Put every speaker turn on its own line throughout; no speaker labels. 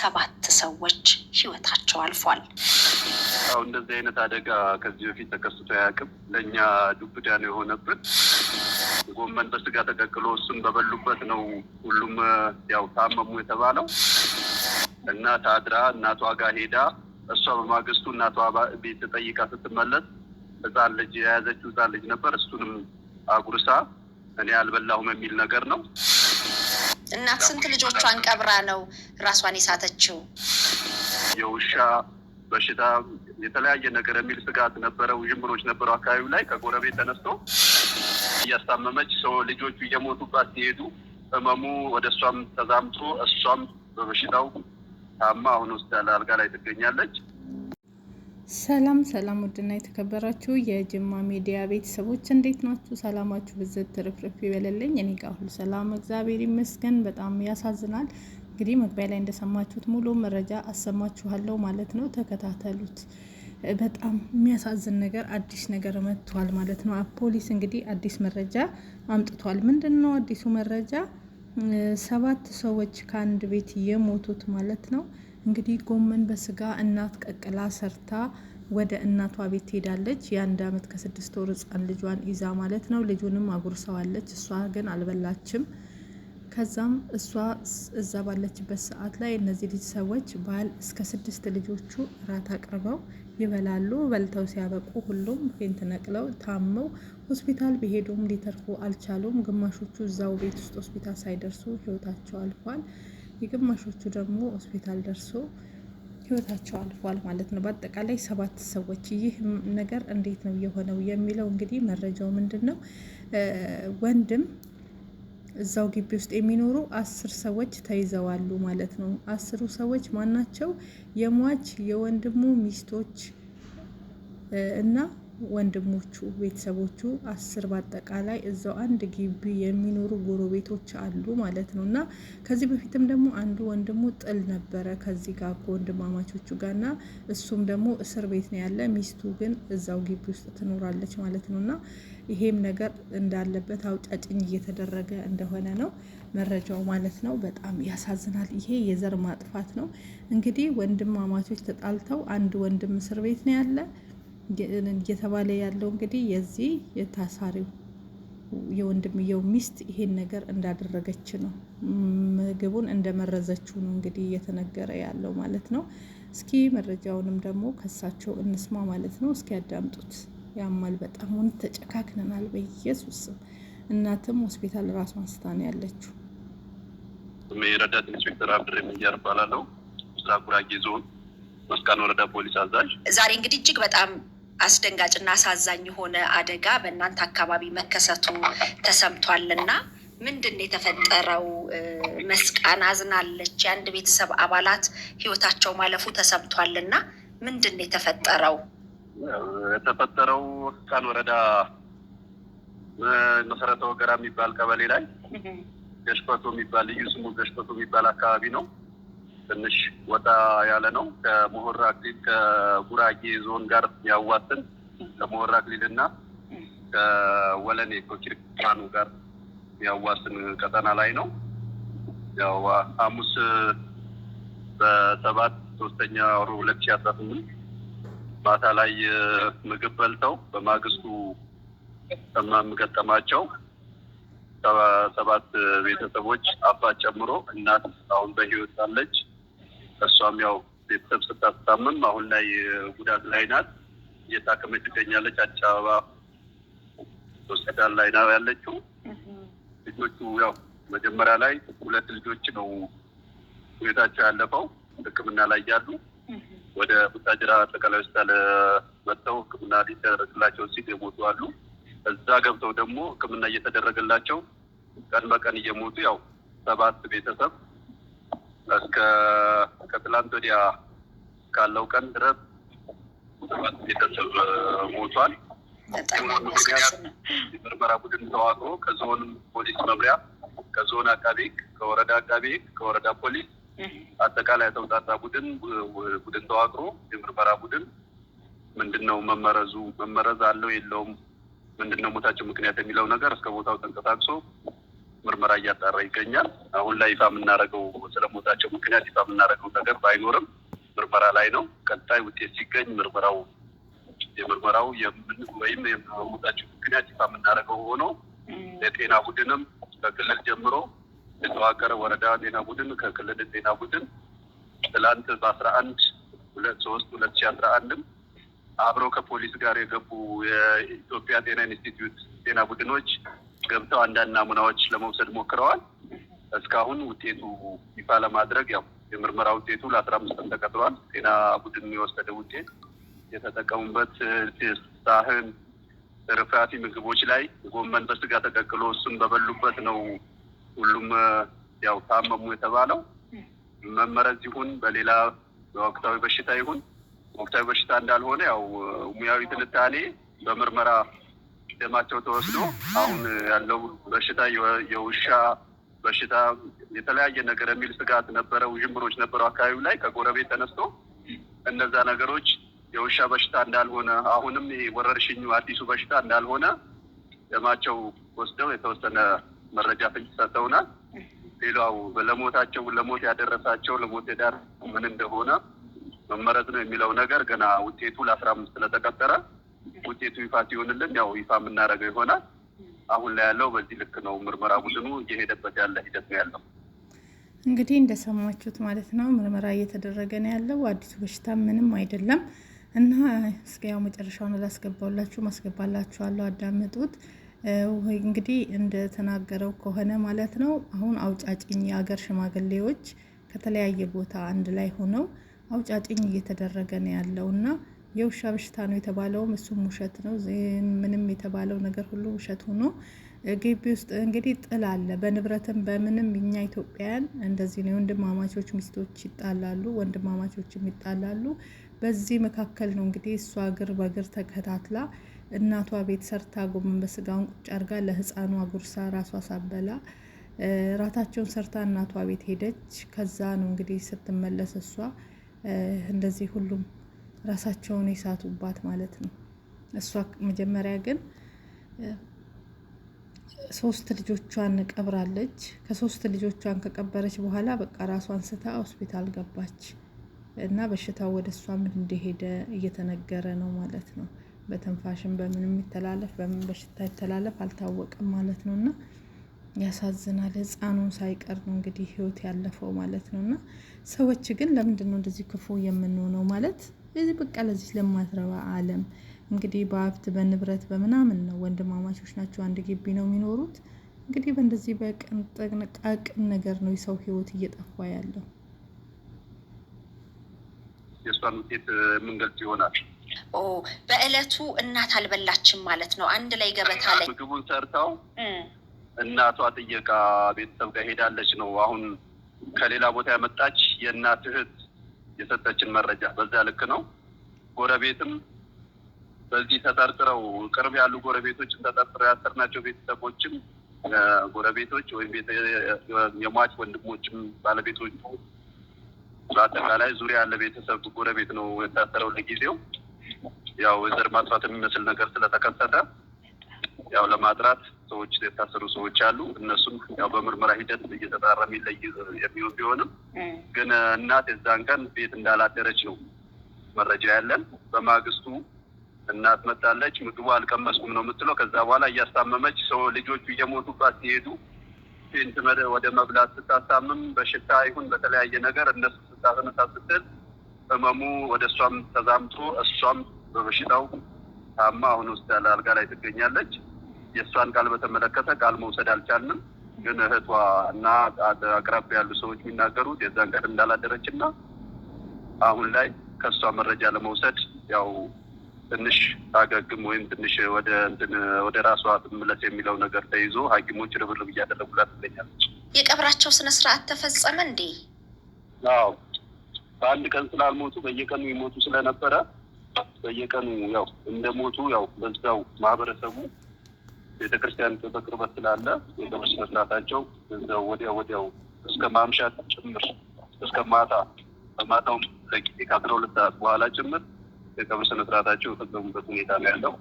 ሰባት ሰዎች ህይወታቸው አልፏል።
አሁ እንደዚህ አይነት አደጋ ከዚህ በፊት ተከስቶ አያውቅም። ለእኛ ዱብዳ ነው የሆነብን። ጎመን በስጋ ተቀቅሎ እሱን በበሉበት ነው ሁሉም ያው ታመሙ የተባለው። እናት አድራ እናቷ ጋር ሄዳ እሷ በማግስቱ እናቷ ቤት ጠይቃ ስትመለስ ህፃን ልጅ የያዘችው ህፃን ልጅ ነበር። እሱንም አጉርሳ እኔ አልበላሁም የሚል ነገር ነው
እናት ስንት ልጆቿን ቀብራ ነው ራሷን የሳተችው?
የውሻ በሽታ የተለያየ ነገር የሚል ስጋት ነበረው። ውዥንብሮች ነበሩ አካባቢው ላይ ከጎረቤት ተነስቶ እያስታመመች ሰው ልጆቹ እየሞቱባት ሲሄዱ ህመሙ ወደ እሷም ተዛምቶ እሷም በበሽታው ታማ አሁን ውስጥ ያለ አልጋ ላይ ትገኛለች።
ሰላም ሰላም፣ ውድና የተከበራችሁ የጅማ ሚዲያ ቤተሰቦች እንዴት ናችሁ? ሰላማችሁ ብዝት ትርፍርፍ ይበለልኝ። እኔ ጋር ሁሉ ሰላም እግዚአብሔር ይመስገን። በጣም ያሳዝናል። እንግዲህ መግቢያ ላይ እንደሰማችሁት ሙሉ መረጃ አሰማችኋለሁ ማለት ነው። ተከታተሉት። በጣም የሚያሳዝን ነገር አዲስ ነገር መጥቷል ማለት ነው። ፖሊስ እንግዲህ አዲስ መረጃ አምጥቷል። ምንድን ነው አዲሱ መረጃ? ሰባት ሰዎች ከአንድ ቤት የሞቱት ማለት ነው እንግዲህ ጎመን በስጋ እናት ቀቅላ ሰርታ ወደ እናቷ ቤት ትሄዳለች። የአንድ አመት ከስድስት ወር ህጻን ልጇን ይዛ ማለት ነው። ልጁንም አጉርሰዋለች። እሷ ግን አልበላችም። ከዛም እሷ እዛ ባለችበት ሰዓት ላይ እነዚህ ልጅ ሰዎች ባል እስከ ስድስት ልጆቹ እራት አቅርበው ይበላሉ። በልተው ሲያበቁ ሁሉም ፌንት ነቅለው ታመው ሆስፒታል ቢሄዱም ሊተርፉ አልቻሉም። ግማሾቹ እዛው ቤት ውስጥ ሆስፒታል ሳይደርሱ ህይወታቸው አልፏል። የግማሾቹ ደግሞ ሆስፒታል ደርሶ ህይወታቸው አልፏል ማለት ነው። በአጠቃላይ ሰባት ሰዎች። ይህ ነገር እንዴት ነው የሆነው የሚለው እንግዲህ መረጃው ምንድን ነው? ወንድም እዛው ግቢ ውስጥ የሚኖሩ አስር ሰዎች ተይዘዋሉ ማለት ነው። አስሩ ሰዎች ማናቸው? የሟች የወንድሙ ሚስቶች እና ወንድሞቹ ቤተሰቦቹ አስር በአጠቃላይ እዛው አንድ ግቢ የሚኖሩ ጎረቤቶች አሉ ማለት ነው። እና ከዚህ በፊትም ደግሞ አንዱ ወንድሙ ጥል ነበረ ከዚህ ጋር ከወንድማማቾቹ ጋር እና እሱም ደግሞ እስር ቤት ነው ያለ። ሚስቱ ግን እዛው ግቢ ውስጥ ትኖራለች ማለት ነው። እና ይሄም ነገር እንዳለበት አውጫጭኝ እየተደረገ እንደሆነ ነው መረጃው ማለት ነው። በጣም ያሳዝናል። ይሄ የዘር ማጥፋት ነው። እንግዲህ ወንድማማቾች ተጣልተው አንድ ወንድም እስር ቤት ነው ያለ እየተባለ ያለው እንግዲህ የዚህ የታሳሪው የወንድምየው ሚስት ይሄን ነገር እንዳደረገች ነው። ምግቡን እንደመረዘችው ነው እንግዲህ እየተነገረ ያለው ማለት ነው። እስኪ መረጃውንም ደግሞ ከሳቸው እንስማ ማለት ነው። እስኪ ያዳምጡት። ያማል በጣም ሆን ተጨካክነናል። በኢየሱስ ስም እናትም ሆስፒታል ራሱ አንስታ ነው ያለችው።
የረዳት ኢንስፔክተር አብድሬ ምንጃር እባላለሁ። ጉራጌ ዞን መስቃን ወረዳ ፖሊስ አዛዥ።
ዛሬ እንግዲህ እጅግ በጣም አስደንጋጭና አሳዛኝ የሆነ አደጋ በእናንተ አካባቢ መከሰቱ ተሰምቷልና ምንድን ነው የተፈጠረው? መስቃን አዝናለች። የአንድ ቤተሰብ አባላት ህይወታቸው ማለፉ ተሰምቷልና ምንድን ነው የተፈጠረው?
የተፈጠረው መስቃን ወረዳ መሰረተ ወገራ የሚባል ቀበሌ ላይ ገሽበቶ የሚባል ልዩ ስሙ ገሽበቶ የሚባል አካባቢ ነው። ትንሽ ወጣ ያለ ነው። ከሞሆራ ክሊል ከጉራጌ ዞን ጋር ያዋስን ከሞሆራ ክሊል እና ከወለኔ ከኪርካኑ ጋር ያዋስን ቀጠና ላይ ነው። ያው ሐሙስ በሰባት ሶስተኛ ወሩ ሁለት ሺ አስራ ስምንት ማታ ላይ ምግብ በልተው በማግስቱ ጠማም ገጠማቸው። ሰባት ቤተሰቦች አባት ጨምሮ እናት አሁን በህይወት አለች። እሷም ያው ቤተሰብ ስታስታምም አሁን ላይ ጉዳት ላይ ናት፣ እየታከመች ትገኛለች። አዲስ አበባ ሆስፒታል ላይ ነው ያለችው። ልጆቹ ያው መጀመሪያ ላይ ሁለት ልጆች ነው ሁኔታቸው ያለፈው ሕክምና ላይ ያሉ ወደ ቡታጅራ አጠቃላይ ሆስፒታል መጥተው ሕክምና ሊደረግላቸው ሲል የሞቱ አሉ። እዛ ገብተው ደግሞ ሕክምና እየተደረገላቸው ቀን በቀን እየሞቱ ያው ሰባት ቤተሰብ እስከ ከትላንት ወዲያ ካለው ቀን ድረስ ሰባት ቤተሰብ ሞቷል።
የሞቱ ምክንያት
ቡድን ተዋቅሮ ከዞን ፖሊስ መምሪያ፣ ከዞን አቃቤ ሕግ፣ ከወረዳ አቃቤ ሕግ፣ ከወረዳ ፖሊስ አጠቃላይ ተውጣጣ ቡድን ቡድን ተዋቅሮ የምርመራ ቡድን ምንድን ነው መመረዙ መመረዝ አለው የለውም ምንድን ነው ሞታቸው ምክንያት የሚለው ነገር እስከ ቦታው ተንቀሳቅሶ ምርመራ እያጣራ ይገኛል። አሁን ላይ ይፋ የምናደርገው ስለሞታቸው ምክንያት ይፋ የምናደርገው ነገር ባይኖርም ምርመራ ላይ ነው። ቀጣይ ውጤት ሲገኝ ምርመራው የምርመራው ወይም የሞታቸው ምክንያት ይፋ የምናደርገው ሆኖ የጤና ቡድንም ከክልል ጀምሮ የተዋቀረ ወረዳ ጤና ቡድን ከክልል ጤና ቡድን ትላንት በአስራ አንድ ሁለት ሶስት ሁለት ሺ አስራ አንድም አብረው ከፖሊስ ጋር የገቡ የኢትዮጵያ ጤና ኢንስቲትዩት ጤና ቡድኖች ገብተው አንዳንድ ናሙናዎች ለመውሰድ ሞክረዋል። እስካሁን ውጤቱ ይፋ ለማድረግ ያው የምርመራ ውጤቱ ለአስራ አምስት ቀን ተቀጥሏል። ጤና ቡድን የወሰደ ውጤት የተጠቀሙበት ሳህን ርፍራፊ ምግቦች ላይ ጎመን በስጋ ተቀቅሎ እሱም በበሉበት ነው ሁሉም ያው ታመሙ የተባለው መመረዝ ይሁን በሌላ ወቅታዊ በሽታ ይሁን ወቅታዊ በሽታ እንዳልሆነ ያው ሙያዊ ትንታኔ በምርመራ ደማቸው ተወስዶ አሁን ያለው በሽታ የውሻ በሽታ የተለያየ ነገር የሚል ስጋት ነበረ። ውዥንብሮች ነበረው አካባቢው ላይ ከጎረቤት ተነስቶ እነዛ ነገሮች የውሻ በሽታ እንዳልሆነ አሁንም ወረርሽኙ አዲሱ በሽታ እንዳልሆነ ደማቸው ወስደው የተወሰነ መረጃ ፍንጭ ሰጥተውናል። ሌላው ለሞታቸው ለሞት ያደረሳቸው ለሞት የዳር ምን እንደሆነ መመረዝ ነው የሚለው ነገር ገና ውጤቱ ለአስራ አምስት ስለተቀጠረ ውጤቱ ይፋ ሲሆንልን ያው ይፋ የምናደርገው ይሆናል። አሁን ላይ ያለው በዚህ ልክ ነው። ምርመራ ቡድኑ እየሄደበት ያለ ሂደት ነው ያለው።
እንግዲህ እንደሰማችሁት ማለት ነው ምርመራ እየተደረገ ነው ያለው። አዲሱ በሽታ ምንም አይደለም እና እስኪ ያው መጨረሻውን ላስገባላችሁ ማስገባላችኋለሁ፣ አዳምጡት። እንግዲህ እንደተናገረው ከሆነ ማለት ነው አሁን አውጫጭኝ የአገር ሽማግሌዎች ከተለያየ ቦታ አንድ ላይ ሆነው አውጫጭኝ እየተደረገ ነው ያለው እና የውሻ በሽታ ነው የተባለውም እሱም ውሸት ነው። ምንም የተባለው ነገር ሁሉ ውሸት ሆኖ ግቢ ውስጥ እንግዲህ ጥል አለ። በንብረትም በምንም እኛ ኢትዮጵያውያን እንደዚህ ነው። የወንድማማቾች ሚስቶች ይጣላሉ፣ ወንድማማቾችም ይጣላሉ። በዚህ መካከል ነው እንግዲህ እሷ እግር በእግር ተከታትላ እናቷ ቤት ሰርታ ጎመን በስጋውን ቁጭ አርጋ ለህፃኑ ጉርሳ ራሷ ሳበላ ራታቸውን ሰርታ እናቷ ቤት ሄደች። ከዛ ነው እንግዲህ ስትመለስ እሷ እንደዚህ ሁሉም ራሳቸውን የሳቱባት ማለት ነው። እሷ መጀመሪያ ግን ሶስት ልጆቿን ቀብራለች። ከሶስት ልጆቿን ከቀበረች በኋላ በቃ ራሷን ስታ ሆስፒታል ገባች እና በሽታው ወደ እሷም እንደሄደ እየተነገረ ነው ማለት ነው። በትንፋሽም በምን የሚተላለፍ በምን በሽታ ይተላለፍ አልታወቀም ማለት ነው። እና ያሳዝናል። ህፃኑን ሳይቀር ነው እንግዲህ ህይወት ያለፈው ማለት ነው። እና ሰዎች ግን ለምንድን ነው እንደዚህ ክፉ የምንሆነው ማለት ለዚህ በቃ ለዚህ ለማትረባ አለም እንግዲህ በሀብት በንብረት በምናምን ነው ወንድማማቾች ናቸው፣ አንድ ግቢ ነው የሚኖሩት። እንግዲህ በእንደዚህ በቀንጠቅነቃቅን ነገር ነው የሰው ህይወት እየጠፋ ያለው።
የእሷን ውጤት የምንገልጽ ይሆናል።
በእለቱ እናት አልበላችም ማለት ነው። አንድ ላይ ገበታ ላይ
ምግቡን ሰርተው እናቷ ጥየቃ ቤተሰብ ጋር ሄዳለች ነው። አሁን ከሌላ ቦታ ያመጣች የእናት እህት የሰጠችን መረጃ በዛ ልክ ነው። ጎረቤትም በዚህ ተጠርጥረው ቅርብ ያሉ ጎረቤቶችን ተጠርጥረው ያሰርናቸው ቤተሰቦችም ጎረቤቶች ወይም የሟች ወንድሞችም ባለቤቶች በአጠቃላይ ዙሪያ ያለ ቤተሰብ ጎረቤት ነው የታሰረው። ለጊዜው ያው የዘር ማጥፋት የሚመስል ነገር ስለተከሰተ ያው ለማጥራት ሰዎች የታሰሩ ሰዎች አሉ። እነሱም ያው በምርመራ ሂደት እየተጣራ የሚለይ የሚሆን ቢሆንም ግን እናት የዛን ቀን ቤት እንዳላደረች ነው መረጃ ያለን። በማግስቱ እናት መጣለች። ምግቡ አልቀመስኩም ነው የምትለው። ከዛ በኋላ እያስታመመች ሰው ልጆቹ እየሞቱባት ሲሄዱ ፔንት ወደ መብላት ስታስታምም በሽታ ይሁን በተለያየ ነገር እነሱ ስታስነሳ ስትል ህመሙ ወደ እሷም ተዛምቶ እሷም በበሽታው ታማ አሁን ውስጥ ያለ አልጋ ላይ ትገኛለች። የእሷን ቃል በተመለከተ ቃል መውሰድ አልቻልንም። ግን እህቷ እና አቅራቢያ ያሉ ሰዎች የሚናገሩት የዛን ቀን እንዳላደረች እና አሁን ላይ ከእሷ መረጃ ለመውሰድ ያው ትንሽ አገግም ወይም ትንሽ ወደ እንትን ወደ ራሷ ትመለስ የሚለው ነገር ተይዞ ሐኪሞች ርብርብ እያደረጉላት ትገኛለች።
የቀብራቸው ስነ ስርዓት ተፈጸመ እንዴ?
አዎ በአንድ ቀን ስላልሞቱ በየቀኑ ይሞቱ ስለነበረ በየቀኑ ያው እንደሞቱ ያው በዛው ማህበረሰቡ ቤተክርስቲያን በቅርበት ስላለ የቀብር ስነስርዓታቸው ወዲያ ወዲያው እስከ ማምሻት ጭምር እስከ ማታ በማታው ለጊዜ ከአስራ ሁለት ሰዓት በኋላ ጭምር የቀብር ስነስርዓታቸው የፈጸሙበት ሁኔታ ነው ያለው።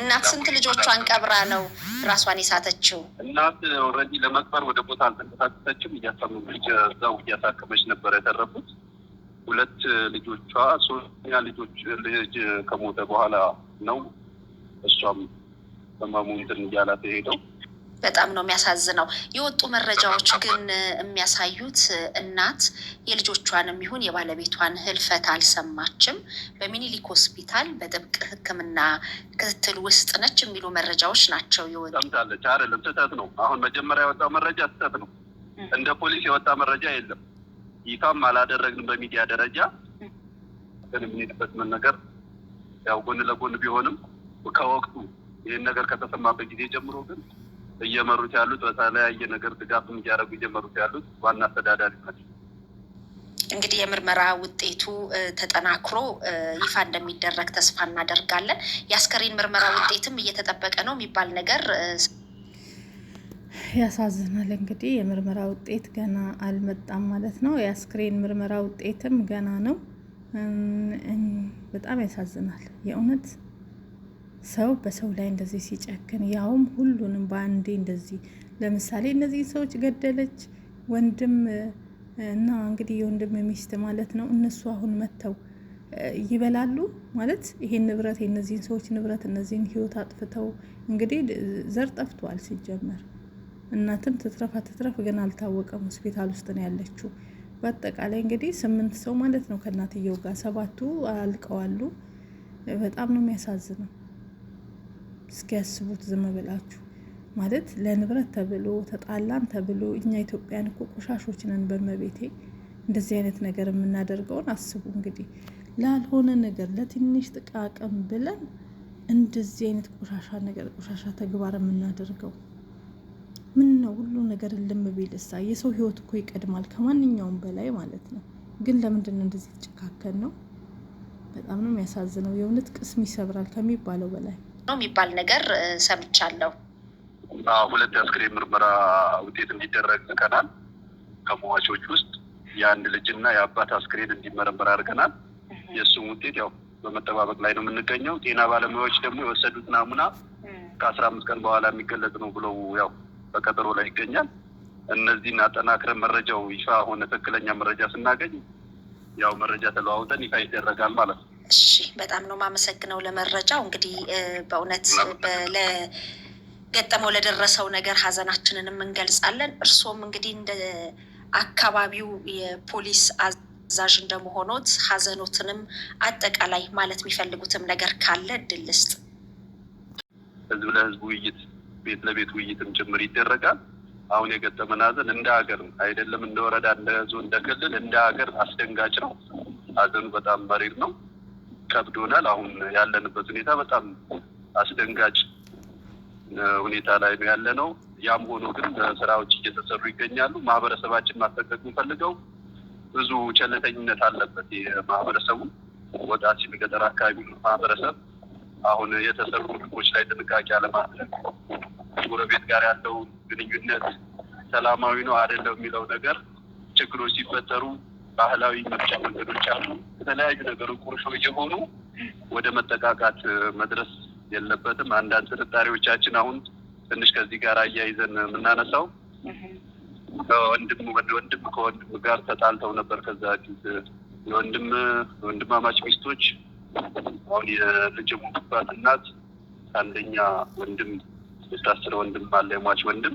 እናት ስንት ልጆቿን ቀብራ ነው ራሷን የሳተችው?
እናት ኦልሬዲ ለመቅበር ወደ ቦታ አልተንቀሳቀሰችም። እያሳመመች እዛው እያሳከመች ነበር የተረፉት ሁለት ልጆቿ። ሶስተኛ ልጆች ልጅ ከሞተ በኋላ ነው እሷም እንትን እንዲያላት ሄደው
በጣም ነው የሚያሳዝነው። የወጡ መረጃዎች ግን የሚያሳዩት እናት የልጆቿንም ይሁን የባለቤቷን ህልፈት አልሰማችም። በሚኒሊክ ሆስፒታል በጥብቅ ሕክምና ክትትል ውስጥ ነች የሚሉ መረጃዎች ናቸው የወጡ።
ሰምታለች አይደለም? ስህተት ነው። አሁን መጀመሪያ የወጣው መረጃ ስህተት ነው። እንደ ፖሊስ የወጣ መረጃ የለም። ይፋም አላደረግንም በሚዲያ ደረጃ ግን የምንሄድበት ምን ነገር ያው ጎን ለጎን ቢሆንም ከወቅቱ ይህን ነገር ከተሰማበት ጊዜ ጀምሮ ግን እየመሩት ያሉት በተለያየ ነገር ድጋፍም እያደረጉ እየመሩት ያሉት ዋና አስተዳዳሪ ናቸው።
እንግዲህ የምርመራ ውጤቱ ተጠናክሮ ይፋ እንደሚደረግ ተስፋ እናደርጋለን። የአስከሬን ምርመራ ውጤትም እየተጠበቀ ነው የሚባል ነገር
ያሳዝናል። እንግዲህ የምርመራ ውጤት ገና አልመጣም ማለት ነው። የአስክሬን ምርመራ ውጤትም ገና ነው። በጣም ያሳዝናል የእውነት ሰው በሰው ላይ እንደዚህ ሲጨክን ያውም ሁሉንም በአንዴ እንደዚህ ለምሳሌ እነዚህን ሰዎች ገደለች። ወንድም እና እንግዲህ የወንድም ሚስት ማለት ነው። እነሱ አሁን መጥተው ይበላሉ ማለት ይሄን ንብረት የእነዚህን ሰዎች ንብረት እነዚህን ህይወት አጥፍተው እንግዲህ ዘር ጠፍቷል ሲጀመር። እናትም ትትረፋ ትትረፍ ግን አልታወቀም። ሆስፒታል ውስጥ ነው ያለችው። በአጠቃላይ እንግዲህ ስምንት ሰው ማለት ነው ከእናትየው ጋር ሰባቱ አልቀዋሉ። በጣም ነው የሚያሳዝነው። እስኪያስቡት ዝም ብላችሁ ማለት ለንብረት ተብሎ ተጣላን ተብሎ እኛ ኢትዮጵያን እኮ ቆሻሾች ነን። በመቤቴ እንደዚህ አይነት ነገር የምናደርገውን አስቡ። እንግዲህ ላልሆነ ነገር ለትንሽ ጥቃቅም ብለን እንደዚህ አይነት ቆሻሻ ነገር ቆሻሻ ተግባር የምናደርገው ምን ነው? ሁሉ ነገር ልም ቢልሳ የሰው ህይወት እኮ ይቀድማል ከማንኛውም በላይ ማለት ነው። ግን ለምንድን ነው እንደዚህ ተጨካከን ነው? በጣም ነው የሚያሳዝነው። የእውነት ቅስም ይሰብራል ከሚባለው በላይ
ነው የሚባል ነገር ሰምቻለሁ።
ሁለት የአስክሬን ምርመራ ውጤት እንዲደረግ ልከናል። ከሟቾች ውስጥ የአንድ ልጅና የአባት አስክሬን እንዲመረመር አድርገናል። የእሱም ውጤት ያው በመጠባበቅ ላይ ነው የምንገኘው። ጤና ባለሙያዎች ደግሞ የወሰዱት ናሙና ከአስራ አምስት ቀን በኋላ የሚገለጽ ነው ብለው ያው በቀጠሮ ላይ ይገኛል። እነዚህን አጠናክረን መረጃው ይፋ ሆነ ትክክለኛ መረጃ ስናገኝ ያው መረጃ ተለዋውጠን ይፋ ይደረጋል ማለት ነው።
እሺ፣ በጣም ነው የማመሰግነው ለመረጃው። እንግዲህ በእውነት ለገጠመው ለደረሰው ነገር ሀዘናችንንም እንገልጻለን። እርሶም እንግዲህ እንደ አካባቢው የፖሊስ አዛዥ እንደመሆኖት ሀዘኖትንም አጠቃላይ ማለት የሚፈልጉትም ነገር ካለ እድል ልስጥ።
ህዝብ ለህዝብ ውይይት፣ ቤት ለቤት ውይይትም ጭምር ይደረጋል። አሁን የገጠመን ሀዘን እንደ ሀገር አይደለም እንደ ወረዳ፣ እንደ ዞን፣ እንደ ክልል፣ እንደ ሀገር አስደንጋጭ ነው። ሀዘኑ በጣም መሪር ነው። ከብዶናል። አሁን ያለንበት ሁኔታ በጣም አስደንጋጭ ሁኔታ ላይ ነው ያለ ነው። ያም ሆኖ ግን ስራዎች እየተሰሩ ይገኛሉ። ማህበረሰባችን ማስጠንቀቅ የምፈልገው ብዙ ቸልተኝነት አለበት። ማህበረሰቡ ወጣት ሲል ገጠር አካባቢ ማህበረሰብ አሁን የተሰሩ ልቦች ላይ ጥንቃቄ አለማድረግ፣ ጎረቤት ጋር ያለው ግንኙነት ሰላማዊ ነው አይደለም የሚለው ነገር ችግሮች ሲፈጠሩ ባህላዊ መፍጫ መንገዶች አሉ። የተለያዩ ነገሮች ቁርሾ እየሆኑ ወደ መጠቃቃት መድረስ የለበትም። አንዳንድ ጥርጣሬዎቻችን አሁን ትንሽ ከዚህ ጋር አያይዘን የምናነሳው ወንድም ወንድም ከወንድም ጋር ተጣልተው ነበር። ከዛ ፊት የወንድም ወንድማማች ሚስቶች አሁን የልጅ ሙባት እናት አንደኛ ወንድም የታሰረ ወንድም አለ የሟች ወንድም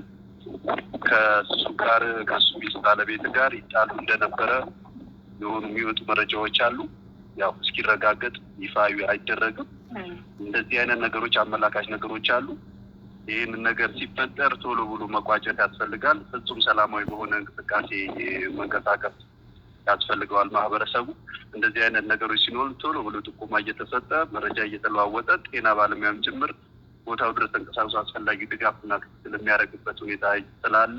ከሱ ጋር ከሱ ሚስት ባለቤት ጋር ይጣሉ እንደነበረ የሆኑ የሚወጡ መረጃዎች አሉ። ያው እስኪረጋገጥ ይፋ አይደረግም። እንደዚህ አይነት ነገሮች አመላካች ነገሮች አሉ። ይህንን ነገር ሲፈጠር ቶሎ ብሎ መቋጨት ያስፈልጋል። ፍጹም ሰላማዊ በሆነ እንቅስቃሴ መንቀሳቀስ ያስፈልገዋል። ማህበረሰቡ እንደዚህ አይነት ነገሮች ሲኖሩ ቶሎ ብሎ ጥቆማ እየተሰጠ መረጃ እየተለዋወጠ ጤና ባለሙያም ጭምር ቦታው ድረስ ተንቀሳቅሶ አስፈላጊ ድጋፍና ክትትል የሚያደርግበት ሁኔታ ስላለ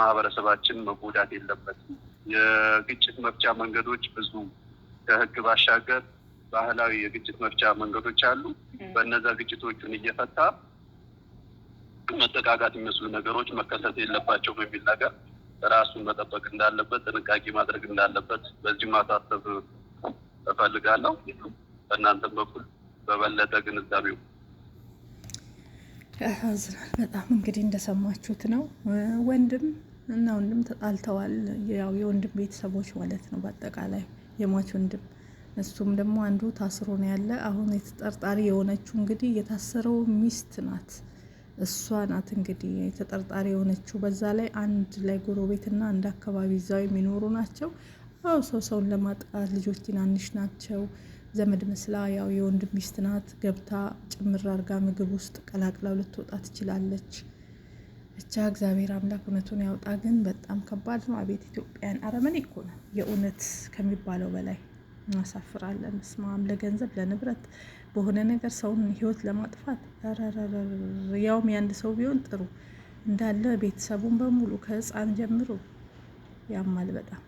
ማህበረሰባችን መጎዳት የለበትም። የግጭት መፍቻ መንገዶች ብዙ ከህግ ባሻገር ባህላዊ የግጭት መፍቻ መንገዶች አሉ። በእነዛ ግጭቶቹን እየፈታ መጠቃቃት የሚመስሉ ነገሮች መከሰት የለባቸው በሚል ነገር ራሱን መጠበቅ እንዳለበት ጥንቃቄ ማድረግ እንዳለበት በዚህ ማሳሰብ እፈልጋለሁ። በእናንተም በኩል በበለጠ ግንዛቤው
በጣም እንግዲህ እንደሰማችሁት ነው ወንድም እና ወንድም ተጣልተዋል። ያው የወንድም ቤተሰቦች ማለት ነው በአጠቃላይ የሟች ወንድም እሱም ደግሞ አንዱ ታስሮ ነው ያለ። አሁን የተጠርጣሪ የሆነችው እንግዲህ የታሰረው ሚስት ናት። እሷ ናት እንግዲህ የተጠርጣሪ የሆነችው። በዛ ላይ አንድ ላይ ጎረቤትና አንድ አካባቢ እዛው የሚኖሩ ናቸው። አው ሰው ሰውን ለማጥቃት ልጆች ትናንሽ ናቸው። ዘመድ መስላ ያው የወንድም ሚስት ናት ገብታ ጭምር አርጋ ምግብ ውስጥ ቀላቅላው ልትወጣ ትችላለች። ብቻ እግዚአብሔር አምላክ እውነቱን ያውጣ። ግን በጣም ከባድ ነው። አቤት ኢትዮጵያን አረመኔ እኮ ነው የእውነት ከሚባለው በላይ እናሳፍራለን። ስማም ለገንዘብ ለንብረት በሆነ ነገር ሰውን ህይወት ለማጥፋት ያውም የአንድ ሰው ቢሆን ጥሩ እንዳለ ቤተሰቡን በሙሉ ከህፃን ጀምሮ ያማል በጣም